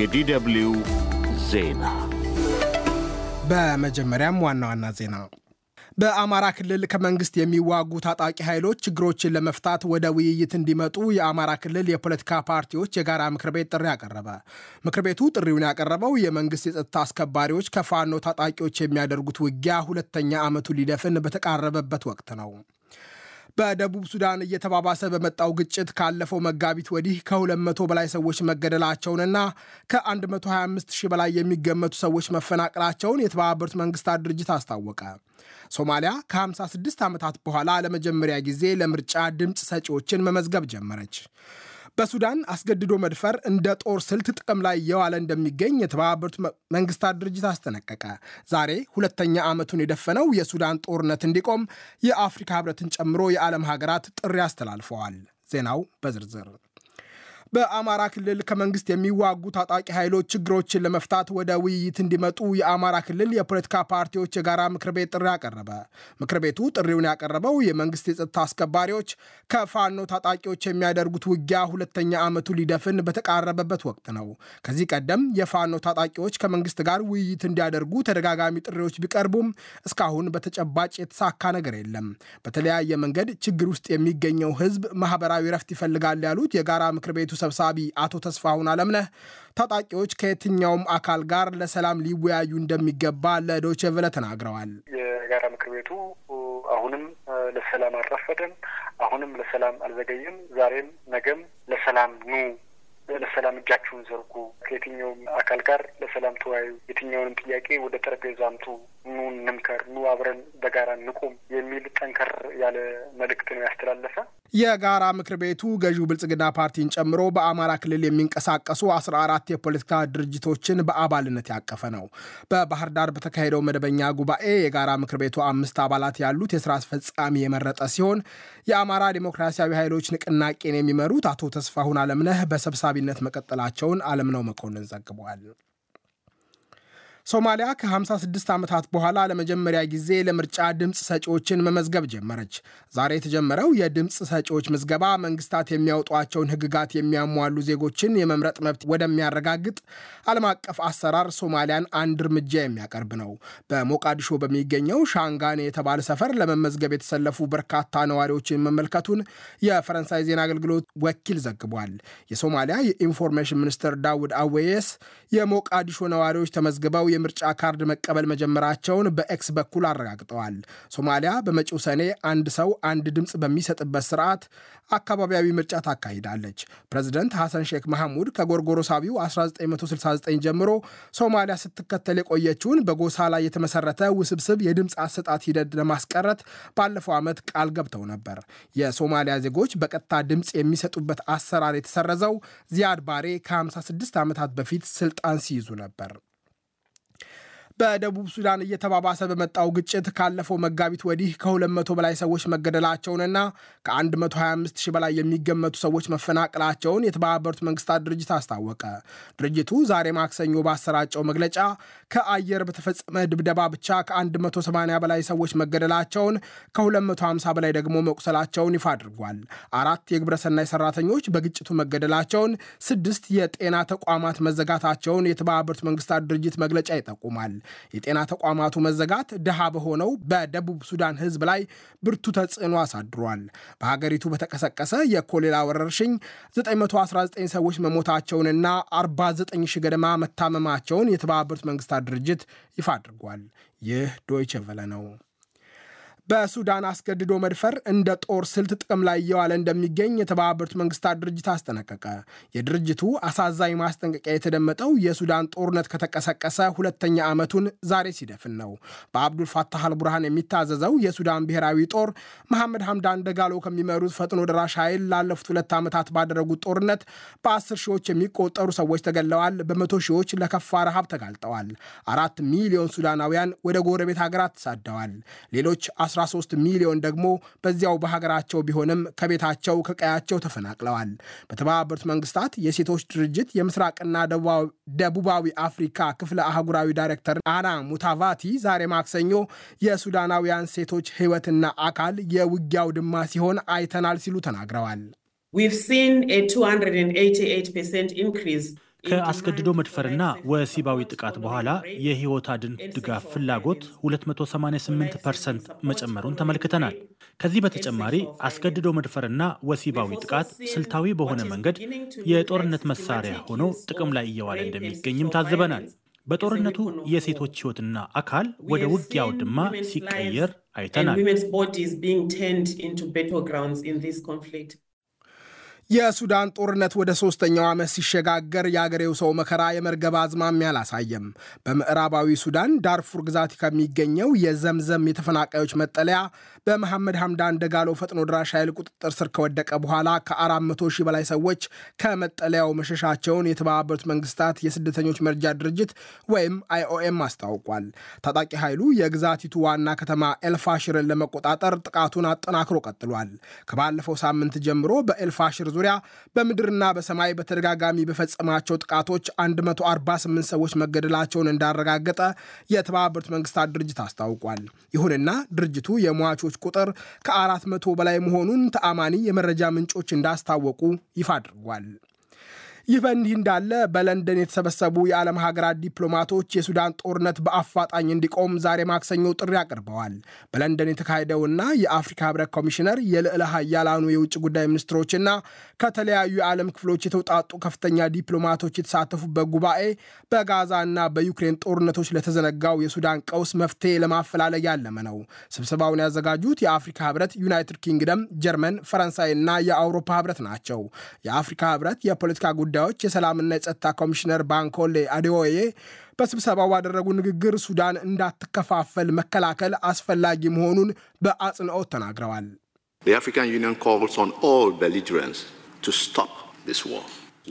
የዲደብልዩ ዜና በመጀመሪያም ዋና ዋና ዜና በአማራ ክልል ከመንግስት የሚዋጉ ታጣቂ ኃይሎች ችግሮችን ለመፍታት ወደ ውይይት እንዲመጡ የአማራ ክልል የፖለቲካ ፓርቲዎች የጋራ ምክር ቤት ጥሪ አቀረበ። ምክር ቤቱ ጥሪውን ያቀረበው የመንግስት የጸጥታ አስከባሪዎች ከፋኖ ታጣቂዎች የሚያደርጉት ውጊያ ሁለተኛ ዓመቱ ሊደፍን በተቃረበበት ወቅት ነው። በደቡብ ሱዳን እየተባባሰ በመጣው ግጭት ካለፈው መጋቢት ወዲህ ከ200 በላይ ሰዎች መገደላቸውንና ከ125 ሺህ በላይ የሚገመቱ ሰዎች መፈናቀላቸውን የተባበሩት መንግስታት ድርጅት አስታወቀ። ሶማሊያ ከ56 ዓመታት በኋላ ለመጀመሪያ ጊዜ ለምርጫ ድምፅ ሰጪዎችን መመዝገብ ጀመረች። በሱዳን አስገድዶ መድፈር እንደ ጦር ስልት ጥቅም ላይ የዋለ እንደሚገኝ የተባበሩት መንግስታት ድርጅት አስጠነቀቀ። ዛሬ ሁለተኛ ዓመቱን የደፈነው የሱዳን ጦርነት እንዲቆም የአፍሪካ ህብረትን ጨምሮ የዓለም ሀገራት ጥሪ አስተላልፈዋል። ዜናው በዝርዝር በአማራ ክልል ከመንግስት የሚዋጉ ታጣቂ ኃይሎች ችግሮችን ለመፍታት ወደ ውይይት እንዲመጡ የአማራ ክልል የፖለቲካ ፓርቲዎች የጋራ ምክር ቤት ጥሪ አቀረበ። ምክር ቤቱ ጥሪውን ያቀረበው የመንግስት የጸጥታ አስከባሪዎች ከፋኖ ታጣቂዎች የሚያደርጉት ውጊያ ሁለተኛ ዓመቱ ሊደፍን በተቃረበበት ወቅት ነው። ከዚህ ቀደም የፋኖ ታጣቂዎች ከመንግስት ጋር ውይይት እንዲያደርጉ ተደጋጋሚ ጥሪዎች ቢቀርቡም እስካሁን በተጨባጭ የተሳካ ነገር የለም። በተለያየ መንገድ ችግር ውስጥ የሚገኘው ህዝብ ማህበራዊ ረፍት ይፈልጋል ያሉት የጋራ ምክር ቤቱ ሰብሳቢ አቶ ተስፋሁን አለምነህ ታጣቂዎች ከየትኛውም አካል ጋር ለሰላም ሊወያዩ እንደሚገባ ለዶይቼ ቬለ ተናግረዋል። የጋራ ምክር ቤቱ አሁንም ለሰላም አልረፈደም፣ አሁንም ለሰላም አልዘገየም። ዛሬም ነገም ለሰላም ኑ ለሰላም እጃችሁን ዘርጉ፣ ከየትኛውም አካል ጋር ለሰላም ተወያዩ፣ የትኛውንም ጥያቄ ወደ ጠረጴዛ አምጡ ኑ እንምከር፣ ኑ አብረን በጋራ እንቁም የሚል ጠንከር ያለ መልእክት ነው ያስተላለፈ። የጋራ ምክር ቤቱ ገዢው ብልጽግና ፓርቲን ጨምሮ በአማራ ክልል የሚንቀሳቀሱ 14 የፖለቲካ ድርጅቶችን በአባልነት ያቀፈ ነው። በባህር ዳር በተካሄደው መደበኛ ጉባኤ የጋራ ምክር ቤቱ አምስት አባላት ያሉት የስራ አስፈጻሚ የመረጠ ሲሆን የአማራ ዲሞክራሲያዊ ኃይሎች ንቅናቄን የሚመሩት አቶ ተስፋሁን አለምነህ በሰብሳቢነት መቀጠላቸውን አለምነው መኮንን ዘግቧል። ሶማሊያ ከ56 ዓመታት በኋላ ለመጀመሪያ ጊዜ ለምርጫ ድምፅ ሰጪዎችን መመዝገብ ጀመረች። ዛሬ የተጀመረው የድምፅ ሰጪዎች ምዝገባ መንግስታት የሚያወጧቸውን ሕግጋት የሚያሟሉ ዜጎችን የመምረጥ መብት ወደሚያረጋግጥ ዓለም አቀፍ አሰራር ሶማሊያን አንድ እርምጃ የሚያቀርብ ነው። በሞቃዲሾ በሚገኘው ሻንጋኔ የተባለ ሰፈር ለመመዝገብ የተሰለፉ በርካታ ነዋሪዎችን መመልከቱን የፈረንሳይ ዜና አገልግሎት ወኪል ዘግቧል። የሶማሊያ የኢንፎርሜሽን ሚኒስትር ዳውድ አዌየስ የሞቃዲሾ ነዋሪዎች ተመዝግበው የምርጫ ካርድ መቀበል መጀመራቸውን በኤክስ በኩል አረጋግጠዋል። ሶማሊያ በመጪው ሰኔ አንድ ሰው አንድ ድምፅ በሚሰጥበት ስርዓት አካባቢያዊ ምርጫ ታካሂዳለች። ፕሬዚደንት ሐሰን ሼክ መሐሙድ ከጎርጎሮሳቢው 1969 ጀምሮ ሶማሊያ ስትከተል የቆየችውን በጎሳ ላይ የተመሰረተ ውስብስብ የድምፅ አሰጣት ሂደት ለማስቀረት ባለፈው ዓመት ቃል ገብተው ነበር። የሶማሊያ ዜጎች በቀጥታ ድምፅ የሚሰጡበት አሰራር የተሰረዘው ዚያድ ባሬ ከ56 ዓመታት በፊት ስልጣን ሲይዙ ነበር። በደቡብ ሱዳን እየተባባሰ በመጣው ግጭት ካለፈው መጋቢት ወዲህ ከ200 በላይ ሰዎች መገደላቸውንና ከ 125000 በላይ የሚገመቱ ሰዎች መፈናቀላቸውን የተባበሩት መንግስታት ድርጅት አስታወቀ። ድርጅቱ ዛሬ ማክሰኞ ባሰራጨው መግለጫ ከአየር በተፈጸመ ድብደባ ብቻ ከ180 በላይ ሰዎች መገደላቸውን፣ ከ250 በላይ ደግሞ መቁሰላቸውን ይፋ አድርጓል። አራት የግብረሰናይ ሰራተኞች በግጭቱ መገደላቸውን፣ ስድስት የጤና ተቋማት መዘጋታቸውን የተባበሩት መንግስታት ድርጅት መግለጫ ይጠቁማል። የጤና ተቋማቱ መዘጋት ድሃ በሆነው በደቡብ ሱዳን ህዝብ ላይ ብርቱ ተጽዕኖ አሳድሯል። በሀገሪቱ በተቀሰቀሰ የኮሌራ ወረርሽኝ 919 ሰዎች መሞታቸውንና 49 ሺህ ገደማ መታመማቸውን የተባበሩት መንግስታት ድርጅት ይፋ አድርጓል። ይህ ዶይቸ ቨለ ነው። በሱዳን አስገድዶ መድፈር እንደ ጦር ስልት ጥቅም ላይ እየዋለ እንደሚገኝ የተባበሩት መንግስታት ድርጅት አስጠነቀቀ። የድርጅቱ አሳዛኝ ማስጠንቀቂያ የተደመጠው የሱዳን ጦርነት ከተቀሰቀሰ ሁለተኛ ዓመቱን ዛሬ ሲደፍን ነው። በአብዱል ፋታህ አልቡርሃን የሚታዘዘው የሱዳን ብሔራዊ ጦር መሐመድ ሐምዳን ደጋሎ ከሚመሩት ፈጥኖ ደራሽ ኃይል ላለፉት ሁለት ዓመታት ባደረጉት ጦርነት በአስር ሺዎች የሚቆጠሩ ሰዎች ተገለዋል በመቶ ሺዎች ለከፋ ረሃብ ተጋልጠዋል። አራት ሚሊዮን ሱዳናውያን ወደ ጎረቤት ሀገራት ተሳደዋል። ሌሎች 13 ሚሊዮን ደግሞ በዚያው በሀገራቸው ቢሆንም ከቤታቸው ከቀያቸው ተፈናቅለዋል። በተባበሩት መንግስታት የሴቶች ድርጅት የምስራቅና ደቡባዊ አፍሪካ ክፍለ አህጉራዊ ዳይሬክተር አና ሙታቫቲ ዛሬ ማክሰኞ የሱዳናውያን ሴቶች ሕይወትና አካል የውጊያው ድማ ሲሆን አይተናል ሲሉ ተናግረዋል። ከአስገድዶ መድፈርና ወሲባዊ ጥቃት በኋላ የህይወት አድን ድጋፍ ፍላጎት 288 ፐርሰንት መጨመሩን ተመልክተናል። ከዚህ በተጨማሪ አስገድዶ መድፈርና ወሲባዊ ጥቃት ስልታዊ በሆነ መንገድ የጦርነት መሳሪያ ሆኖ ጥቅም ላይ እየዋለ እንደሚገኝም ታዝበናል። በጦርነቱ የሴቶች ህይወትና አካል ወደ ውጊያው ድማ ሲቀየር አይተናል። የሱዳን ጦርነት ወደ ሶስተኛው ዓመት ሲሸጋገር የአገሬው ሰው መከራ የመርገብ አዝማሚያ አላሳየም። በምዕራባዊ ሱዳን ዳርፉር ግዛት ከሚገኘው የዘምዘም የተፈናቃዮች መጠለያ በመሐመድ ሐምዳን ደጋሎ ፈጥኖ ድራሽ ኃይል ቁጥጥር ስር ከወደቀ በኋላ ከ400 ሺህ በላይ ሰዎች ከመጠለያው መሸሻቸውን የተባበሩት መንግስታት የስደተኞች መርጃ ድርጅት ወይም አይኦኤም አስታውቋል። ታጣቂ ኃይሉ የግዛቲቱ ዋና ከተማ ኤልፋሽርን ለመቆጣጠር ጥቃቱን አጠናክሮ ቀጥሏል። ከባለፈው ሳምንት ጀምሮ በኤልፋሽር ዙሪያ በምድርና በሰማይ በተደጋጋሚ በፈጸማቸው ጥቃቶች 148 ሰዎች መገደላቸውን እንዳረጋገጠ የተባበሩት መንግስታት ድርጅት አስታውቋል። ይሁንና ድርጅቱ የሟቾች ቁጥር ከአራት መቶ በላይ መሆኑን ተአማኒ የመረጃ ምንጮች እንዳስታወቁ ይፋ አድርጓል። ይህ በእንዲህ እንዳለ በለንደን የተሰበሰቡ የዓለም ሀገራት ዲፕሎማቶች የሱዳን ጦርነት በአፋጣኝ እንዲቆም ዛሬ ማክሰኞ ጥሪ አቅርበዋል። በለንደን የተካሄደውና የአፍሪካ ህብረት ኮሚሽነር የልዕለ ሀያላኑ የውጭ ጉዳይ ሚኒስትሮችና ከተለያዩ የዓለም ክፍሎች የተውጣጡ ከፍተኛ ዲፕሎማቶች የተሳተፉበት ጉባኤ በጋዛና በዩክሬን ጦርነቶች ለተዘነጋው የሱዳን ቀውስ መፍትሄ ለማፈላለግ ያለመ ነው። ስብሰባውን ያዘጋጁት የአፍሪካ ህብረት፣ ዩናይትድ ኪንግደም፣ ጀርመን፣ ፈረንሳይና የአውሮፓ ህብረት ናቸው። የአፍሪካ ህብረት የፖለቲካ ጉዳይ ጉዳዮች የሰላምና የጸጥታ ኮሚሽነር ባንኮሌ አዴዎዬ በስብሰባው ባደረጉ ንግግር ሱዳን እንዳትከፋፈል መከላከል አስፈላጊ መሆኑን በአጽንኦት ተናግረዋል።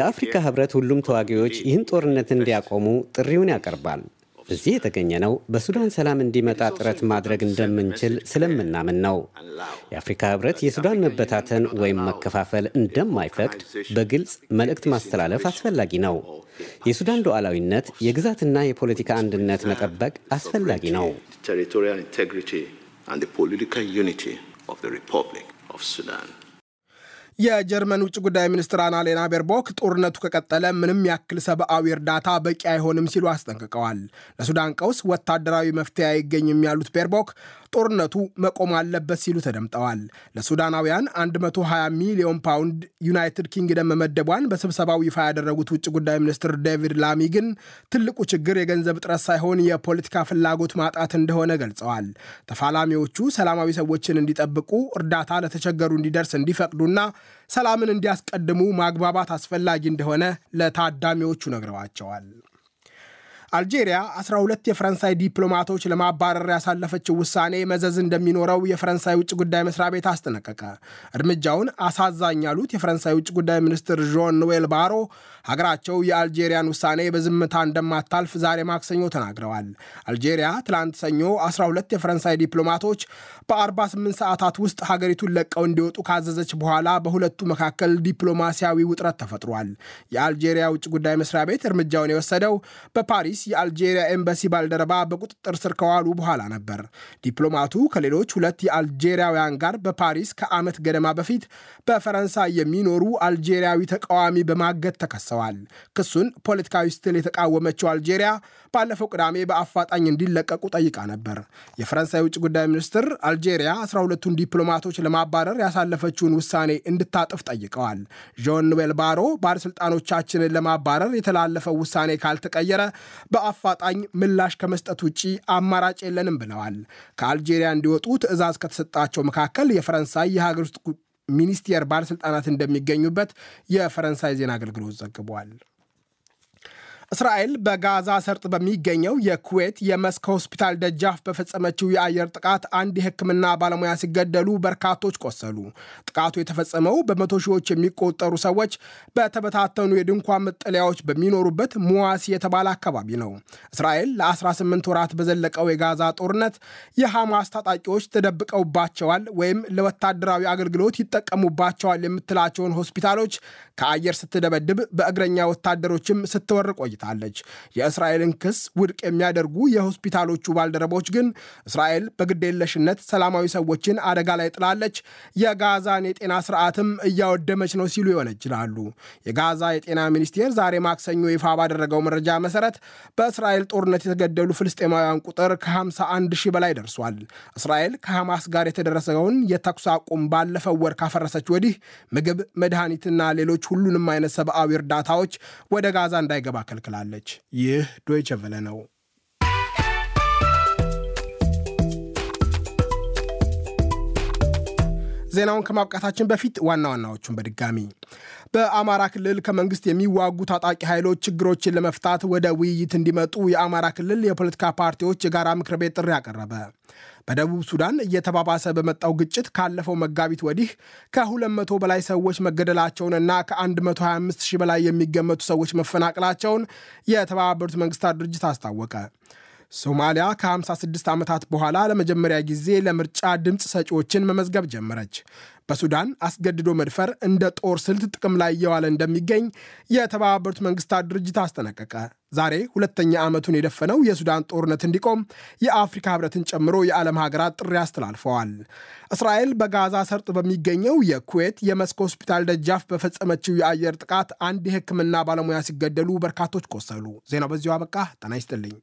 የአፍሪካ ህብረት ሁሉም ተዋጊዎች ይህን ጦርነት እንዲያቆሙ ጥሪውን ያቀርባል። እዚህ የተገኘ ነው በሱዳን ሰላም እንዲመጣ ጥረት ማድረግ እንደምንችል ስለምናምን ነው። የአፍሪካ ህብረት የሱዳን መበታተን ወይም መከፋፈል እንደማይፈቅድ በግልጽ መልእክት ማስተላለፍ አስፈላጊ ነው። የሱዳን ሉዓላዊነት፣ የግዛትና የፖለቲካ አንድነት መጠበቅ አስፈላጊ ነው። ሪፐብሊክ ኦፍ ሱዳን የጀርመን ውጭ ጉዳይ ሚኒስትር አናሌና ቤርቦክ ጦርነቱ ከቀጠለ ምንም ያክል ሰብአዊ እርዳታ በቂ አይሆንም ሲሉ አስጠንቅቀዋል። ለሱዳን ቀውስ ወታደራዊ መፍትሄ አይገኝም ያሉት ቤርቦክ ጦርነቱ መቆም አለበት ሲሉ ተደምጠዋል። ለሱዳናውያን 120 ሚሊዮን ፓውንድ ዩናይትድ ኪንግደም መመደቧን በስብሰባው ይፋ ያደረጉት ውጭ ጉዳይ ሚኒስትር ዴቪድ ላሚ ግን ትልቁ ችግር የገንዘብ እጥረት ሳይሆን የፖለቲካ ፍላጎት ማጣት እንደሆነ ገልጸዋል። ተፋላሚዎቹ ሰላማዊ ሰዎችን እንዲጠብቁ፣ እርዳታ ለተቸገሩ እንዲደርስ እንዲፈቅዱና ሰላምን እንዲያስቀድሙ ማግባባት አስፈላጊ እንደሆነ ለታዳሚዎቹ ነግረዋቸዋል። አልጄሪያ 12 የፈረንሳይ ዲፕሎማቶች ለማባረር ያሳለፈችው ውሳኔ መዘዝ እንደሚኖረው የፈረንሳይ ውጭ ጉዳይ መስሪያ ቤት አስጠነቀቀ። እርምጃውን አሳዛኝ ያሉት የፈረንሳይ ውጭ ጉዳይ ሚኒስትር ዦን ኖዌል ባሮ ሀገራቸው የአልጄሪያን ውሳኔ በዝምታ እንደማታልፍ ዛሬ ማክሰኞ ተናግረዋል። አልጄሪያ ትላንት ሰኞ 12 የፈረንሳይ ዲፕሎማቶች በ48 ሰዓታት ውስጥ ሀገሪቱን ለቀው እንዲወጡ ካዘዘች በኋላ በሁለቱ መካከል ዲፕሎማሲያዊ ውጥረት ተፈጥሯል። የአልጄሪያ ውጭ ጉዳይ መስሪያ ቤት እርምጃውን የወሰደው በፓሪስ አዲስ የአልጄሪያ ኤምባሲ ባልደረባ በቁጥጥር ስር ከዋሉ በኋላ ነበር። ዲፕሎማቱ ከሌሎች ሁለት የአልጄሪያውያን ጋር በፓሪስ ከዓመት ገደማ በፊት በፈረንሳይ የሚኖሩ አልጄሪያዊ ተቃዋሚ በማገት ተከሰዋል። ክሱን ፖለቲካዊ ስትል የተቃወመችው አልጄሪያ ባለፈው ቅዳሜ በአፋጣኝ እንዲለቀቁ ጠይቃ ነበር። የፈረንሳይ ውጭ ጉዳይ ሚኒስትር አልጄሪያ 12ቱን ዲፕሎማቶች ለማባረር ያሳለፈችውን ውሳኔ እንድታጥፍ ጠይቀዋል። ዦን ኖዌል ባሮ ባለሥልጣኖቻችንን ለማባረር የተላለፈው ውሳኔ ካልተቀየረ በአፋጣኝ ምላሽ ከመስጠት ውጪ አማራጭ የለንም ብለዋል። ከአልጄሪያ እንዲወጡ ትዕዛዝ ከተሰጣቸው መካከል የፈረንሳይ የሀገር ውስጥ ሚኒስቴር ባለሥልጣናት እንደሚገኙበት የፈረንሳይ ዜና አገልግሎት ዘግቧል። እስራኤል በጋዛ ሰርጥ በሚገኘው የኩዌት የመስክ ሆስፒታል ደጃፍ በፈጸመችው የአየር ጥቃት አንድ የሕክምና ባለሙያ ሲገደሉ በርካቶች ቆሰሉ። ጥቃቱ የተፈጸመው በመቶ ሺዎች የሚቆጠሩ ሰዎች በተበታተኑ የድንኳን መጠለያዎች በሚኖሩበት ሙዋሲ የተባለ አካባቢ ነው። እስራኤል ለ18 ወራት በዘለቀው የጋዛ ጦርነት የሐማስ ታጣቂዎች ተደብቀውባቸዋል ወይም ለወታደራዊ አገልግሎት ይጠቀሙባቸዋል የምትላቸውን ሆስፒታሎች ከአየር ስትደበድብ በእግረኛ ወታደሮችም ስትወር አሳይታለች። የእስራኤልን ክስ ውድቅ የሚያደርጉ የሆስፒታሎቹ ባልደረቦች ግን እስራኤል በግዴለሽነት ሰላማዊ ሰዎችን አደጋ ላይ ጥላለች፣ የጋዛን የጤና ስርዓትም እያወደመች ነው ሲሉ ይወነጅላሉ። የጋዛ የጤና ሚኒስቴር ዛሬ ማክሰኞ ይፋ ባደረገው መረጃ መሰረት በእስራኤል ጦርነት የተገደሉ ፍልስጤማውያን ቁጥር ከ51 ሺህ በላይ ደርሷል። እስራኤል ከሐማስ ጋር የተደረሰውን የተኩስ አቁም ባለፈው ወር ካፈረሰች ወዲህ ምግብ፣ መድኃኒትና ሌሎች ሁሉንም አይነት ሰብአዊ እርዳታዎች ወደ ጋዛ እንዳይገባ ከልክላለች። ታክላለች። ይህ ዶይቸ ቨለ ነው። ዜናውን ከማብቃታችን በፊት ዋና ዋናዎቹን በድጋሚ በአማራ ክልል ከመንግስት የሚዋጉ ታጣቂ ኃይሎች ችግሮችን ለመፍታት ወደ ውይይት እንዲመጡ የአማራ ክልል የፖለቲካ ፓርቲዎች የጋራ ምክር ቤት ጥሪ አቀረበ። በደቡብ ሱዳን እየተባባሰ በመጣው ግጭት ካለፈው መጋቢት ወዲህ ከ200 በላይ ሰዎች መገደላቸውንና ከ125 ሺህ በላይ የሚገመቱ ሰዎች መፈናቀላቸውን የተባበሩት መንግስታት ድርጅት አስታወቀ። ሶማሊያ ከ56 ዓመታት በኋላ ለመጀመሪያ ጊዜ ለምርጫ ድምፅ ሰጪዎችን መመዝገብ ጀመረች። በሱዳን አስገድዶ መድፈር እንደ ጦር ስልት ጥቅም ላይ እየዋለ እንደሚገኝ የተባበሩት መንግስታት ድርጅት አስጠነቀቀ። ዛሬ ሁለተኛ ዓመቱን የደፈነው የሱዳን ጦርነት እንዲቆም የአፍሪካ ህብረትን ጨምሮ የዓለም ሀገራት ጥሪ አስተላልፈዋል። እስራኤል በጋዛ ሰርጥ በሚገኘው የኩዌት የመስክ ሆስፒታል ደጃፍ በፈጸመችው የአየር ጥቃት አንድ የሕክምና ባለሙያ ሲገደሉ በርካቶች ቆሰሉ። ዜናው በዚሁ አበቃ። ጤና ይስጥልኝ።